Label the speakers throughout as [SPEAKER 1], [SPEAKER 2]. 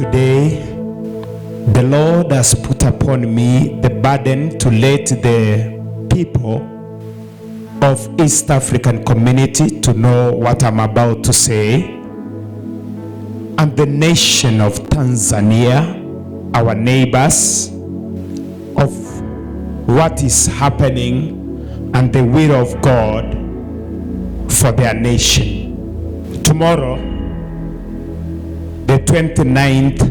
[SPEAKER 1] today, the Lord has put upon me the burden to let the people of East African community to know what I'm about to say, and the nation of Tanzania, our neighbors, of what is happening and the will of God for their nation. Tomorrow, 29th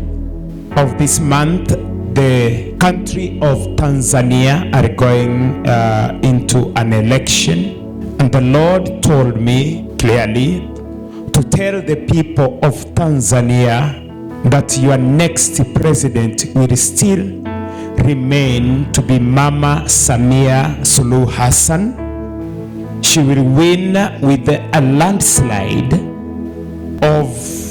[SPEAKER 1] of this month the country of Tanzania are going uh, into an election and the Lord told me clearly to tell the people of Tanzania that your next president will still remain to be Mama Samia Suluhu Hassan. She will win with a landslide of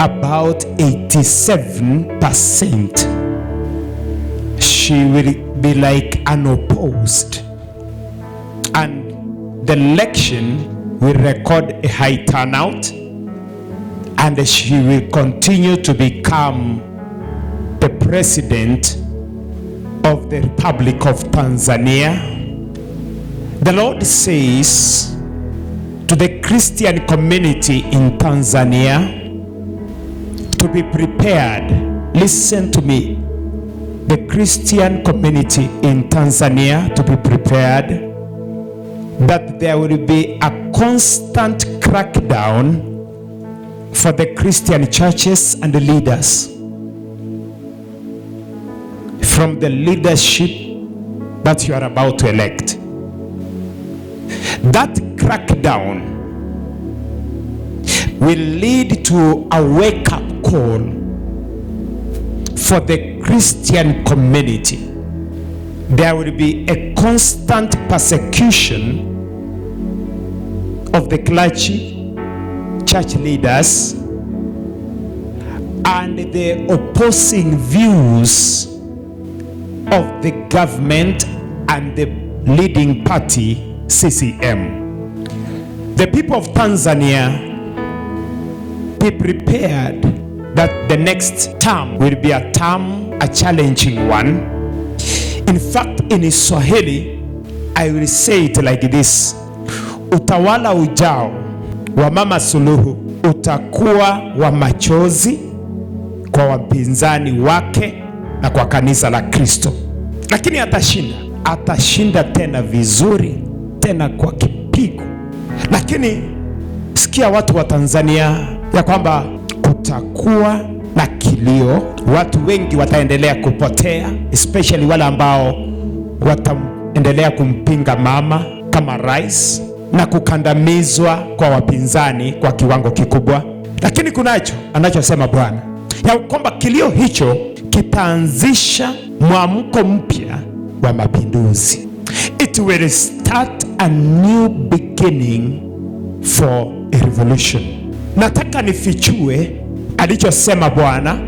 [SPEAKER 1] about 87%. She will be like unopposed and the election will record a high turnout, and she will continue to become the president of the Republic of Tanzania. The Lord says to the Christian community in Tanzania to be prepared. Listen to me. The Christian community in Tanzania to be prepared that there will be a constant crackdown for the Christian churches and the leaders from the leadership that you are about to elect. That crackdown will lead to a wake up call for the Christian community. There will be a constant persecution of the clergy, church leaders, and the opposing views of the government and the leading party, CCM. The people of Tanzania, be prepared that the next term will be a term, a challenging one. In fact, in Swahili, I will say it like this. Utawala ujao wa Mama Suluhu utakuwa wa machozi kwa wapinzani wake na kwa kanisa la Kristo, lakini atashinda. Atashinda tena vizuri, tena kwa kipigo. Lakini sikia watu wa Tanzania ya kwamba kutakuwa na kilio, watu wengi wataendelea kupotea, especially wale ambao wataendelea kumpinga mama kama rais na kukandamizwa kwa wapinzani kwa kiwango kikubwa. Lakini kunacho anachosema Bwana ya kwamba kilio hicho kitaanzisha mwamko mpya wa mapinduzi. It will start a new beginning for a revolution. Nataka nifichue alichosema Bwana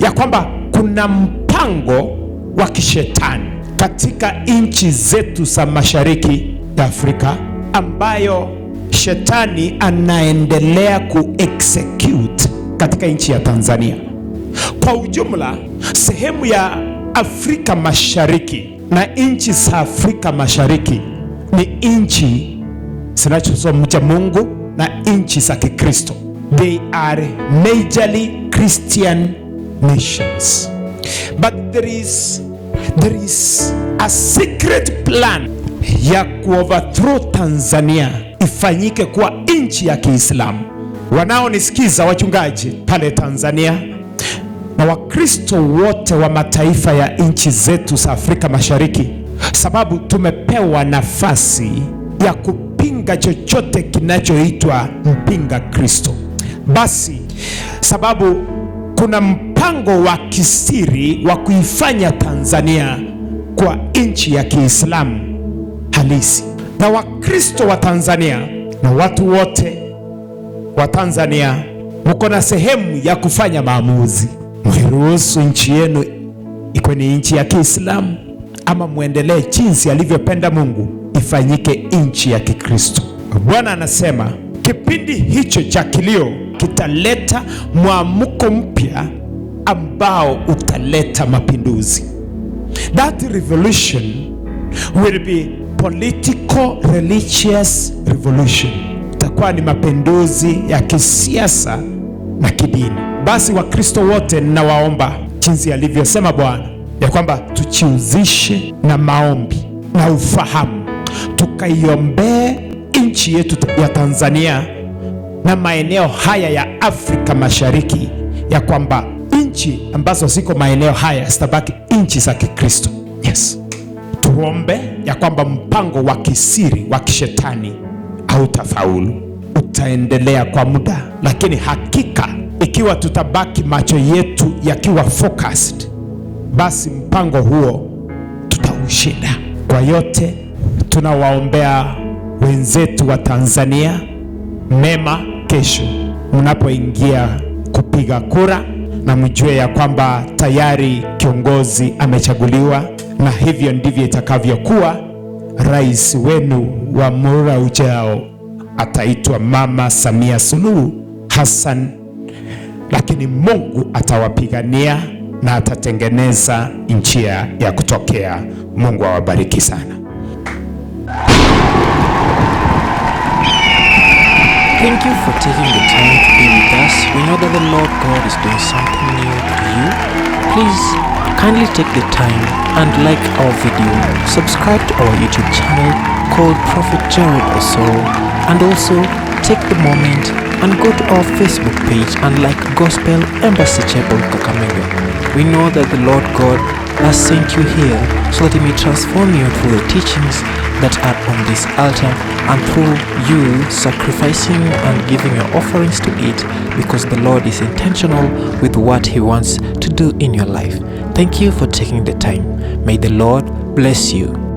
[SPEAKER 1] ya kwamba kuna mpango wa kishetani katika nchi zetu za mashariki ya Afrika ambayo shetani anaendelea kuexecute katika nchi ya Tanzania kwa ujumla, sehemu ya Afrika Mashariki na nchi za Afrika Mashariki ni nchi zinazozomcha Mungu na nchi za Kikristo they are majorly Christian nations. But there is, there is a secret plan ya kuoverthrow Tanzania ifanyike kuwa nchi ya Kiislamu. Wanaonisikiza wachungaji pale Tanzania na Wakristo wote wa mataifa ya nchi zetu za Afrika Mashariki, sababu tumepewa nafasi ya kupinga chochote kinachoitwa mpinga Kristo basi, sababu kuna mpango wa kisiri wa kuifanya Tanzania kwa nchi ya Kiislamu halisi, na Wakristo wa Tanzania na watu wote wa Tanzania mko na sehemu ya kufanya maamuzi. Mwiruhusu nchi yenu ikwe ni nchi ya Kiislamu ama mwendelee jinsi alivyopenda Mungu ifanyike nchi ya Kikristo. Bwana anasema kipindi hicho cha kilio tutaleta mwamko mpya ambao utaleta mapinduzi. That revolution will be political religious revolution, itakuwa ni mapinduzi ya kisiasa na kidini. Basi Wakristo wote ninawaomba jinsi alivyosema Bwana ya kwamba tuchiuzishe na maombi na ufahamu, tukaiombee nchi yetu ya Tanzania na maeneo haya ya Afrika Mashariki, ya kwamba nchi ambazo ziko maeneo haya zitabaki nchi za Kikristo. Yes, tuombe ya kwamba mpango wa kisiri wa kishetani hautafaulu, utaendelea kwa muda, lakini hakika ikiwa tutabaki macho yetu yakiwa focused, basi mpango huo tutaushinda. Kwa yote tunawaombea wenzetu wa Tanzania mema kesho mnapoingia kupiga kura, na mjue ya kwamba tayari kiongozi amechaguliwa, na hivyo ndivyo itakavyokuwa. Rais wenu wa mura ujao ataitwa Mama Samia Suluhu Hassan, lakini Mungu atawapigania na atatengeneza njia ya kutokea. Mungu awabariki sana. Thank you for taking the time to be with us. We know that the Lord God is doing something new to you. Please kindly take the time and like our video, subscribe to our YouTube channel called Prophet Jared Osoro, and also take the moment and go to our Facebook page and like Gospel Embassy Chapel Kakamega. We know that the Lord God has sent you here so let me transform you through the teachings that are on this altar and through you sacrificing and giving your offerings to it because the Lord is intentional with what He wants to do in your life. Thank you for taking the time. May the Lord bless you.